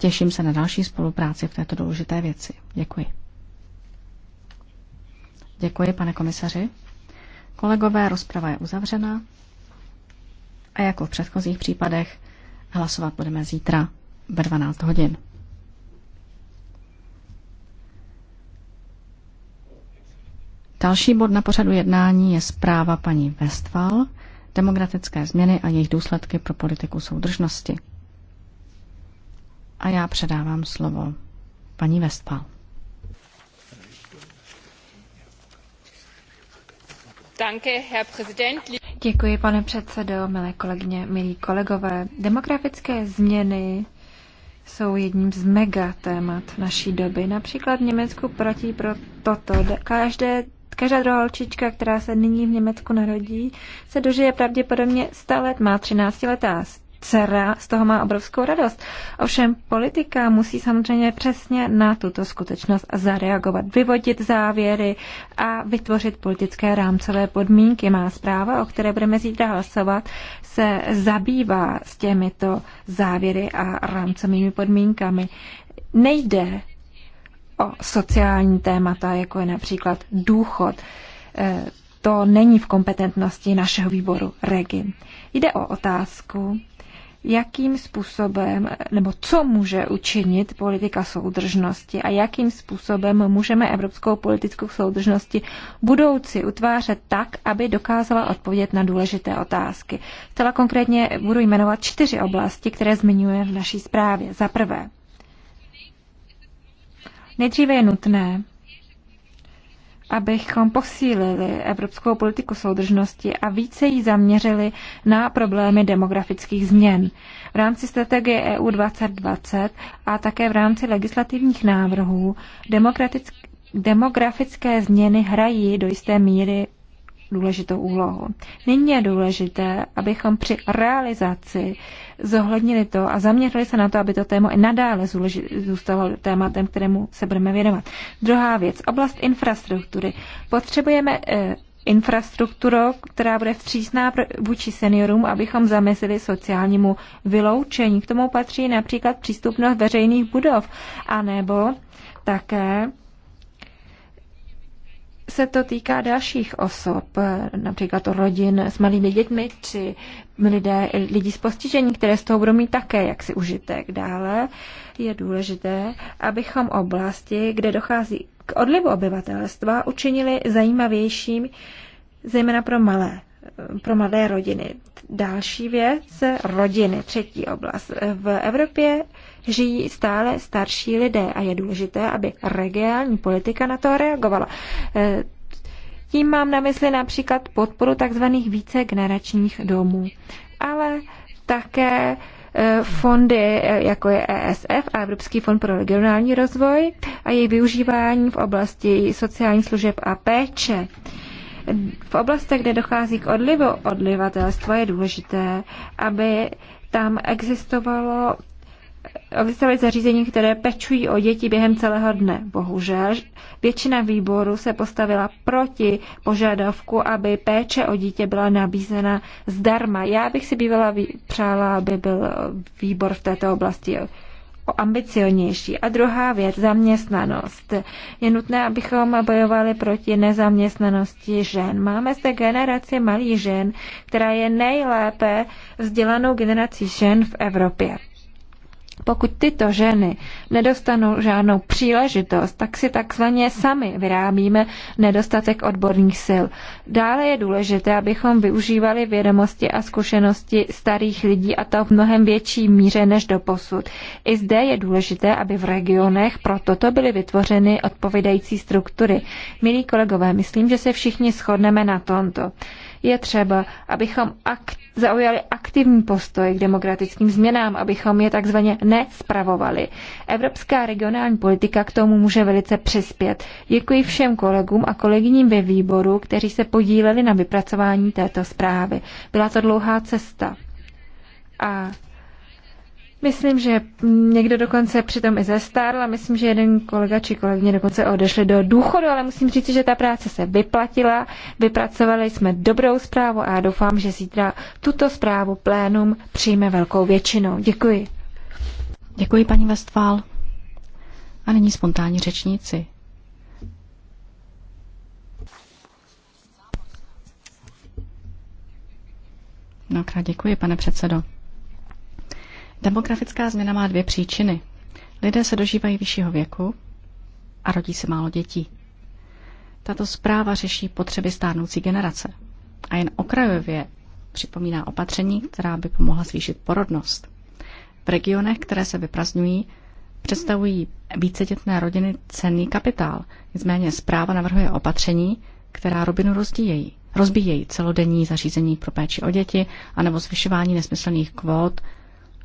Těším se na další spolupráci v této důležité věci. Děkuji. Děkuji, pane komisaři. Kolegové, rozprava je uzavřena. A jako v předchozích případech, hlasovat budeme zítra ve 12 hodin. Další bod na pořadu jednání je zpráva paní Westphal, demokratické změny a jejich důsledky pro politiku soudržnosti. A já předávám slovo paní Westphal. Děkuji, pane předsedo, milé kolegyně, milí kolegové. Demografické změny jsou jedním z megatémat naší doby. Například v Německu proti pro toto. Každé, každá druhá holčička, která se nyní v Německu narodí, se dožije pravděpodobně 100 let, má 13 letá dcera z toho má obrovskou radost. Ovšem politika musí samozřejmě přesně na tuto skutečnost zareagovat, vyvodit závěry a vytvořit politické rámcové podmínky. Má zpráva, o které budeme zítra hlasovat, se zabývá s těmito závěry a rámcovými podmínkami. Nejde o sociální témata, jako je například důchod. Eh, to není v kompetentnosti našeho výboru REGI. Jde o otázku, jakým způsobem, nebo co může učinit politika soudržnosti a jakým způsobem můžeme evropskou politickou soudržnosti budoucí utvářet tak, aby dokázala odpovědět na důležité otázky. Zcela konkrétně budu jmenovat čtyři oblasti, které zmiňuje v naší zprávě. Za prvé, nejdříve je nutné abychom posílili evropskou politiku soudržnosti a více ji zaměřili na problémy demografických změn. V rámci strategie EU 2020 a také v rámci legislativních návrhů demokratické demografické změny hrají do jisté míry důležitou úlohu. Nyní je důležité, abychom při realizaci zohlednili to a zaměřili se na to, aby to téma i nadále zůstalo tématem, kterému se budeme věnovat. Druhá věc, oblast infrastruktury. Potřebujeme eh, infrastrukturu, která bude vstřícná vůči seniorům, abychom zamezili sociálnímu vyloučení. K tomu patří například přístupnost veřejných budov, anebo také se to týká dalších osob, například rodin s malými dětmi, či lidé, lidi s postižením, které z toho budou mít také jaksi užitek. Dále je důležité, abychom oblasti, kde dochází k odlivu obyvatelstva, učinili zajímavějším, zejména pro malé pro mladé rodiny. Další věc, rodiny, třetí oblast. V Evropě žijí stále starší lidé a je důležité, aby regionální politika na to reagovala. E, tím mám na mysli například podporu tzv. vícegeneračních domů, ale také e, fondy, e, jako je ESF a Evropský fond pro regionální rozvoj a její využívání v oblasti sociálních služeb a péče v oblastech, kde dochází k odlivu odlivatelstva, je důležité, aby tam existovalo existovaly zařízení, které pečují o děti během celého dne. Bohužel většina výboru se postavila proti požadavku, aby péče o dítě byla nabízena zdarma. Já bych si bývala přála, aby byl výbor v této oblasti jako ambicionější. A druhá věc, zaměstnanost. Je nutné, abychom bojovali proti nezaměstnanosti žen. Máme zde generaci malých žen, která je nejlépe vzdělanou generací žen v Evropě. Pokud tyto ženy nedostanou žádnou příležitost, tak si takzvaně sami vyrábíme nedostatek odborných sil. Dále je důležité, abychom využívali vědomosti a zkušenosti starých lidí a to v mnohem větší míře než do posud. I zde je důležité, aby v regionech pro toto byly vytvořeny odpovídající struktury. Milí kolegové, myslím, že se všichni shodneme na tomto. Je třeba, abychom ak- zaujali aktivní postoj k demokratickým změnám, abychom je takzvaně nespravovali. Evropská regionální politika k tomu může velice přispět. Děkuji všem kolegům a kolegyním ve výboru, kteří se podíleli na vypracování této zprávy. Byla to dlouhá cesta. A Myslím, že někdo dokonce přitom i zestárl a myslím, že jeden kolega či kolegyně dokonce odešli do důchodu, ale musím říct, že ta práce se vyplatila, vypracovali jsme dobrou zprávu a já doufám, že zítra tuto zprávu plénum přijme velkou většinou. Děkuji. Děkuji, paní Westfál. A nyní spontánní řečníci. Mnohokrát děkuji, pane předsedo. Demografická změna má dvě příčiny. Lidé se dožívají vyššího věku a rodí se málo dětí. Tato zpráva řeší potřeby stárnoucí generace a jen okrajově připomíná opatření, která by pomohla zvýšit porodnost. V regionech, které se vyprazňují, představují vícedětné rodiny cenný kapitál. Nicméně zpráva navrhuje opatření, která robinu rozdíjejí. Rozbíjejí celodenní zařízení pro péči o děti anebo zvyšování nesmyslných kvót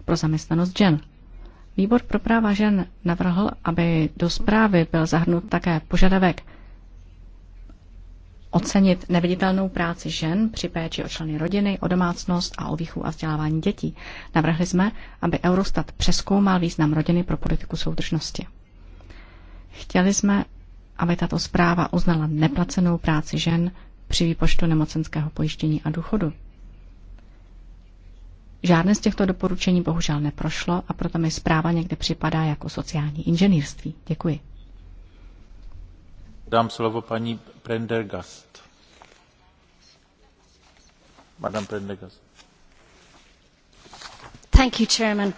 pro zaměstnanost žen. Výbor pro práva žen navrhl, aby do zprávy byl zahrnut také požadavek ocenit neviditelnou práci žen při péči o členy rodiny, o domácnost a o výchu a vzdělávání dětí. Navrhli jsme, aby Eurostat přeskoumal význam rodiny pro politiku soudržnosti. Chtěli jsme, aby tato zpráva uznala neplacenou práci žen při výpočtu nemocenského pojištění a důchodu, Žádné z těchto doporučení bohužel neprošlo a proto mi zpráva někde připadá jako sociální inženýrství. Děkuji. Dám slovo paní Prendergast. Madame Prendergast. Thank you, Chairman.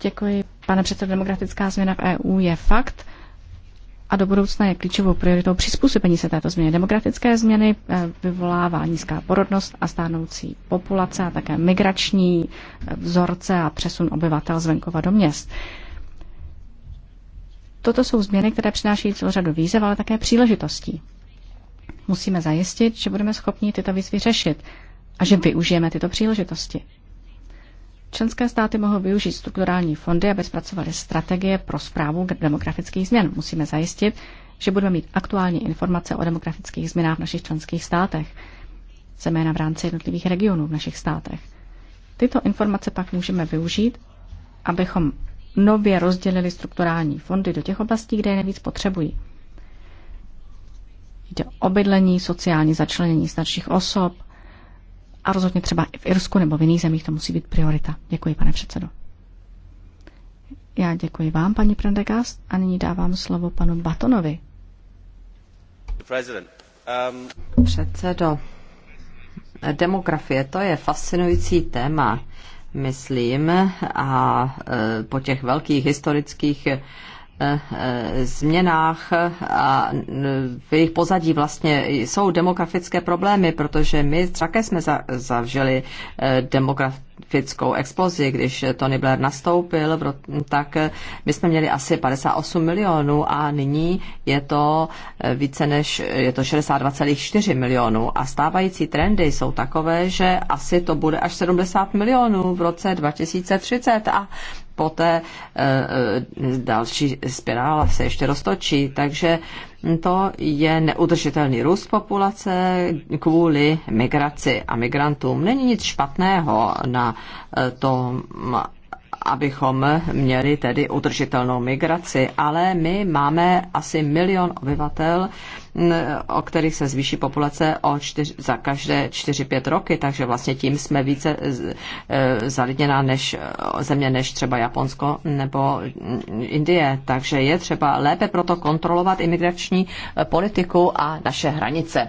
Děkuji, pane předsedo. Demokratická změna v EU je fakt a do budoucna je klíčovou prioritou přizpůsobení se této změně. Demografické změny eh, vyvolává nízká porodnost a stárnoucí populace a také migrační eh, vzorce a přesun obyvatel z venkova do měst. Toto jsou změny, které přináší celou řadu výzev, ale také příležitostí. Musíme zajistit, že budeme schopni tyto výzvy řešit a že využijeme tyto příležitosti. Členské státy mohou využít strukturální fondy, aby zpracovaly strategie pro zprávu demografických změn. Musíme zajistit, že budeme mít aktuální informace o demografických změnách v našich členských státech, zejména v rámci jednotlivých regionů v našich státech. Tyto informace pak můžeme využít, abychom nově rozdělili strukturální fondy do těch oblastí, kde je nejvíc potřebují. Jde o bydlení, sociální začlenění starších osob, a rozhodně třeba i v Irsku nebo v jiných zemích to musí být priorita. Děkuji, pane předsedo. Já děkuji vám, paní Prendegast, a nyní dávám slovo panu Batonovi. Um- předsedo, demografie, to je fascinující téma, myslím, a e, po těch velkých historických Eh, změnách a eh, v jejich pozadí vlastně jsou demografické problémy, protože my také jsme zavřeli eh, demografické demografickou explozi, když Tony Blair nastoupil, tak my jsme měli asi 58 milionů a nyní je to eh, více než, je to 62,4 milionů a stávající trendy jsou takové, že asi to bude až 70 milionů v roce 2030 a poté eh, eh, další spirála se ještě roztočí, takže to je neudržitelný růst populace kvůli migraci a migrantům. Není nic špatného na tom, abychom měli tedy udržitelnou migraci, ale my máme asi milion obyvatel, o kterých se zvýší populace o čtyř, za každé 4-5 roky, takže vlastně tím jsme více e, zalidněná než, e, země než třeba Japonsko nebo Indie. Takže je třeba lépe proto kontrolovat imigrační e, politiku a naše hranice.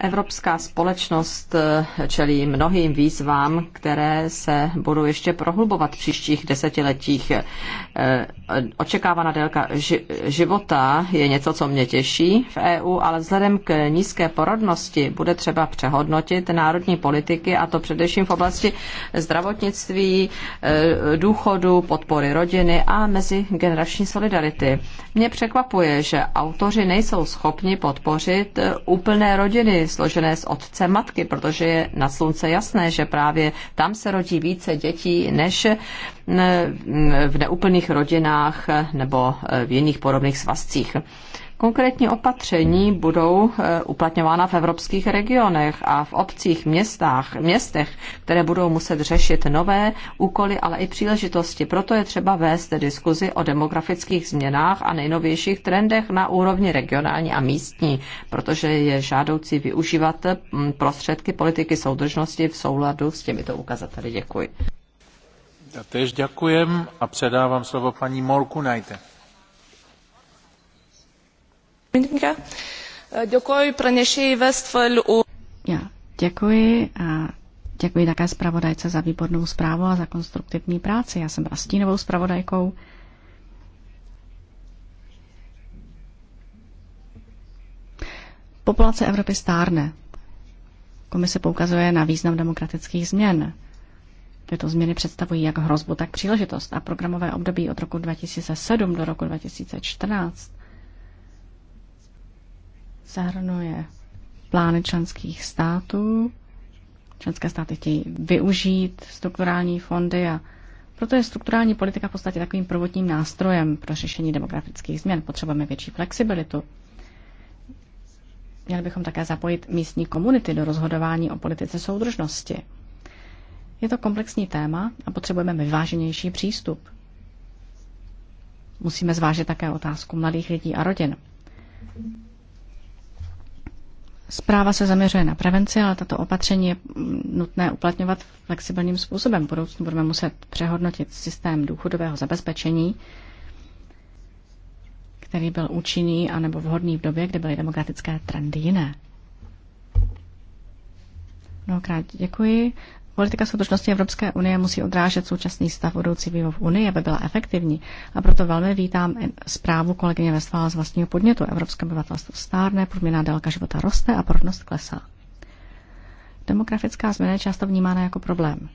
Evropská společnost eh, čelí mnohým výzvám, které se budou ještě prohlubovat v příštích desetiletích. Eh, očekávaná délka života je něco, co mě těší v EU, ale vzhledem k nízké porodnosti bude třeba přehodnotit národní politiky, a to především v oblasti zdravotnictví, eh, důchodu, podpory rodiny a mezigenerační solidarity. Mě překvapuje, že autoři nejsou schopni podpořit úplné rodiny rodiny složené z otce matky, protože je na slunce jasné, že právě tam se rodí více dětí než v neúplných rodinách nebo v jiných podobných svazcích. Konkrétní opatření budou eh, uplatňována v evropských regionech a v obcích, městách, městech, které budou muset řešit nové úkoly, ale i příležitosti. Proto je třeba vést diskuzi o demografických změnách a nejnovějších trendech na úrovni regionální a místní, protože je žádoucí využívat mm, prostředky politiky soudržnosti v souladu s těmito ukazateli. Děkuji. Já tež děkujem a předávám slovo paní Najte. Děkuji Já děkuji a děkuji také zpravodajce za výbornou zprávu a za konstruktivní práci. Já jsem byla stínovou zpravodajkou. Populace Evropy stárne. Komise poukazuje na význam demokratických změn. Tyto změny představují jak hrozbu, tak příležitost a programové období od roku 2007 do roku 2014 zahrnuje plány členských států. Členské státy chtějí využít strukturální fondy a proto je strukturální politika v podstatě takovým prvotním nástrojem pro řešení demografických změn. Potřebujeme větší flexibilitu. Měli bychom také zapojit místní komunity do rozhodování o politice soudržnosti. Je to komplexní téma a potřebujeme vyváženější přístup. Musíme zvážit také otázku mladých lidí a rodin. Zpráva se zaměřuje na prevenci, ale tato opatření je nutné uplatňovat flexibilním způsobem. V budoucnu budeme muset přehodnotit systém důchodového zabezpečení, který byl účinný anebo vhodný v době, kdy byly demokratické trendy jiné. Mnohokrát děkuji Politika soudržnosti Evropské unie musí odrážet současný stav budoucí vývoj v Unii, aby byla efektivní. A proto velmi vítám zprávu kolegyně Vesfála z vlastního podnětu. Evropské obyvatelstvo stárne, průměrná délka života roste a porodnost klesá. Demografická změna je často vnímána jako problém.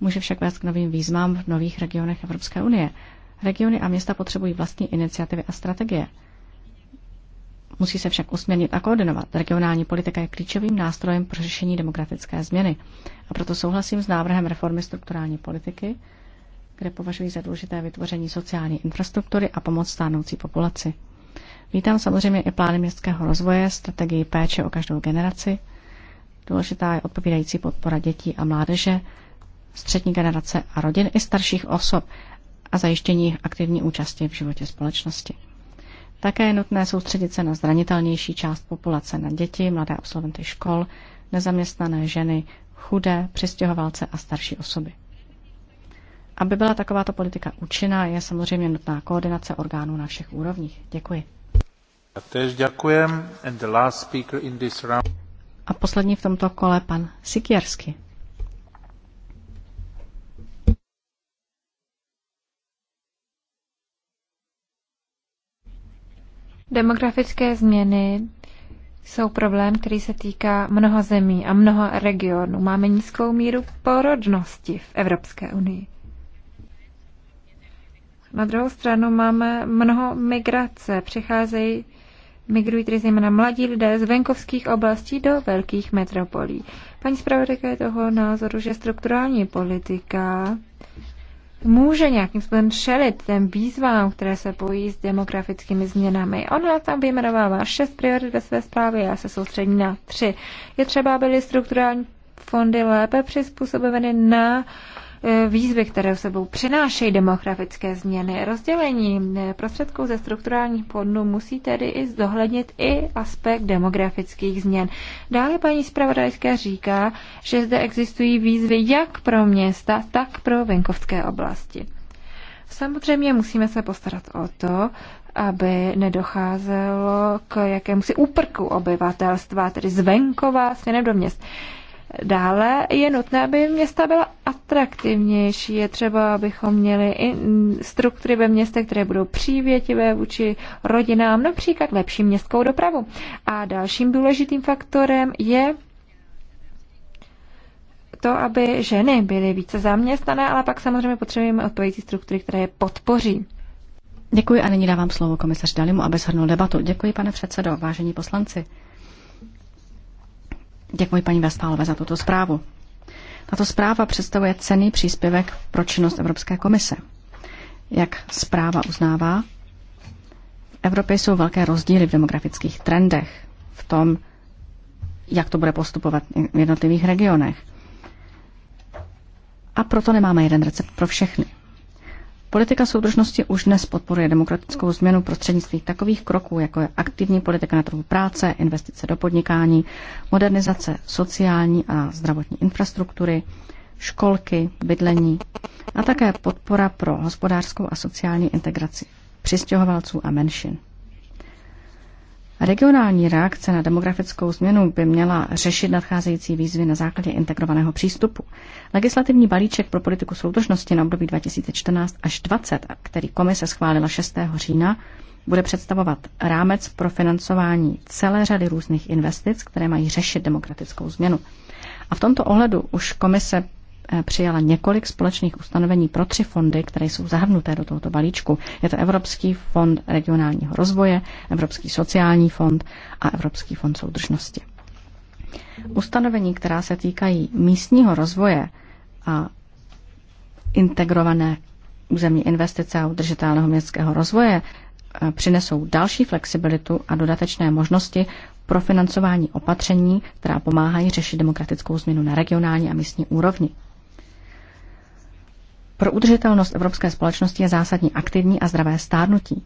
Může však vést k novým výzvám v nových regionech Evropské unie. Regiony a města potřebují vlastní iniciativy a strategie. Musí se však usměrnit a koordinovat. Regionální politika je klíčovým nástrojem pro řešení demokratické změny. A proto souhlasím s návrhem reformy strukturální politiky, kde považují za důležité vytvoření sociální infrastruktury a pomoc stárnoucí populaci. Vítám samozřejmě i plány městského rozvoje, strategii péče o každou generaci. Důležitá je odpovídající podpora dětí a mládeže, střední generace a rodin i starších osob a zajištění aktivní účasti v životě společnosti. Také je nutné soustředit se na zranitelnější část populace, na děti, mladé absolventy škol, nezaměstnané ženy, chudé, přistěhovalce a starší osoby. Aby byla takováto politika účinná, je samozřejmě nutná koordinace orgánů na všech úrovních. Děkuji. A tež děkujem. And the last speaker in this round. A poslední v tomto kole pan Sikiersky. Demografické změny jsou problém, který se týká mnoha zemí a mnoha regionů. Máme nízkou míru porodnosti v Evropské unii. Na druhou stranu máme mnoho migrace. Přicházejí, migrují tedy zejména mladí lidé z venkovských oblastí do velkých metropolí. Paní zpravodajka je toho názoru, že strukturální politika může nějakým způsobem čelit těm výzvám, které se pojí s demografickými změnami. Ona tam vyjmenovává šest priorit ve své zprávě, já se soustředím na tři. Je třeba, byly strukturální fondy lépe přizpůsobeny na uh, Eh, výzvy, které sebou přinášejí demografické změny. Rozdělení eh, prostředků ze strukturálních fondů musí tedy i zohlednit i aspekt demografických změn. Dále paní zpravodajka říká, že zde existují výzvy jak pro města, tak pro venkovské oblasti. Samozřejmě musíme se postarat o to, aby nedocházelo k jakémusi úprku obyvatelstva, tedy zvenkova směrem do měst. Dále je nutné, aby města byla atraktivnější. Je třeba, abychom měli i struktury ve městech, které budou přívětivé vůči rodinám, například lepší městskou dopravu. A dalším důležitým faktorem je to, aby ženy byly více zaměstnané, ale pak samozřejmě potřebujeme odpovědící struktury, které je podpoří. Děkuji a nyní dávám slovo komisař Dalimu, aby shrnul debatu. Děkuji, pane předsedo, vážení poslanci. Děkuji paní Vestálové za tuto zprávu. Tato zpráva představuje cený příspěvek pro činnost Evropské komise. Jak zpráva uznává, v Evropě jsou velké rozdíly v demografických trendech, v tom, jak to bude postupovat v jednotlivých regionech. A proto nemáme jeden recept pro všechny. Politika soudržnosti už dnes podporuje demokratickou změnu prostřednictvím takových kroků, jako je aktivní politika na trhu práce, investice do podnikání, modernizace sociální a zdravotní infrastruktury, školky, bydlení a také podpora pro hospodářskou a sociální integraci přistěhovalců a menšin. Regionální reakce na demografickou změnu by měla řešit nadcházející výzvy na základě integrovaného přístupu. Legislativní balíček pro politiku soudržnosti na období 2014 až 2020, který komise schválila 6. října, bude představovat rámec pro financování celé řady různých investic, které mají řešit demokratickou změnu. A v tomto ohledu už komise Eh, přijala několik společných ustanovení pro tři fondy, které jsou zahrnuté do tohoto balíčku. Je to Evropský fond regionálního rozvoje, Evropský sociální fond a Evropský fond soudržnosti. Ustanovení, která se týkají místního rozvoje a integrované územní investice a udržitelného městského rozvoje, eh, přinesou další flexibilitu a dodatečné možnosti pro financování opatření, která pomáhají řešit demokratickou změnu na regionální a místní úrovni. Pro udržitelnost evropské společnosti je zásadní aktivní a zdravé stárnutí.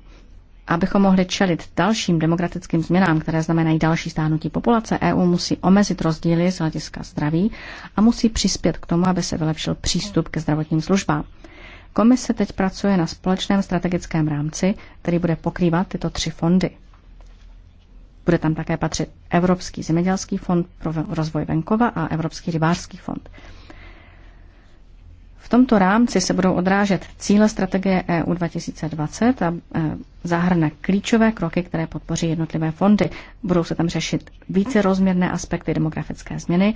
Abychom mohli čelit dalším demokratickým změnám, které znamenají další stárnutí populace, EU musí omezit rozdíly z hlediska zdraví a musí přispět k tomu, aby se vylepšil přístup ke zdravotním službám. Komise teď pracuje na společném strategickém rámci, který bude pokrývat tyto tři fondy. Bude tam také patřit Evropský zemědělský fond pro rozvoj venkova a Evropský rybářský fond. V tomto rámci se budou odrážet cíle strategie EU 2020 a e, zahrne klíčové kroky, které podpoří jednotlivé fondy. Budou se tam řešit více rozměrné aspekty demografické změny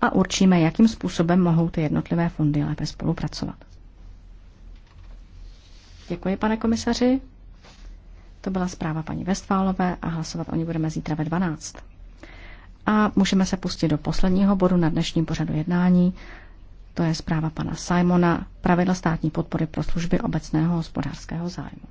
a určíme, jakým způsobem mohou ty jednotlivé fondy lépe spolupracovat. Děkuji, pane komisaři. To byla zpráva paní Westfálové a hlasovat o ní budeme zítra ve 12. A můžeme se pustit do posledního bodu na dnešním pořadu jednání, to je zpráva pana Simona, pravidla státní podpory pro služby obecného hospodářského zájmu.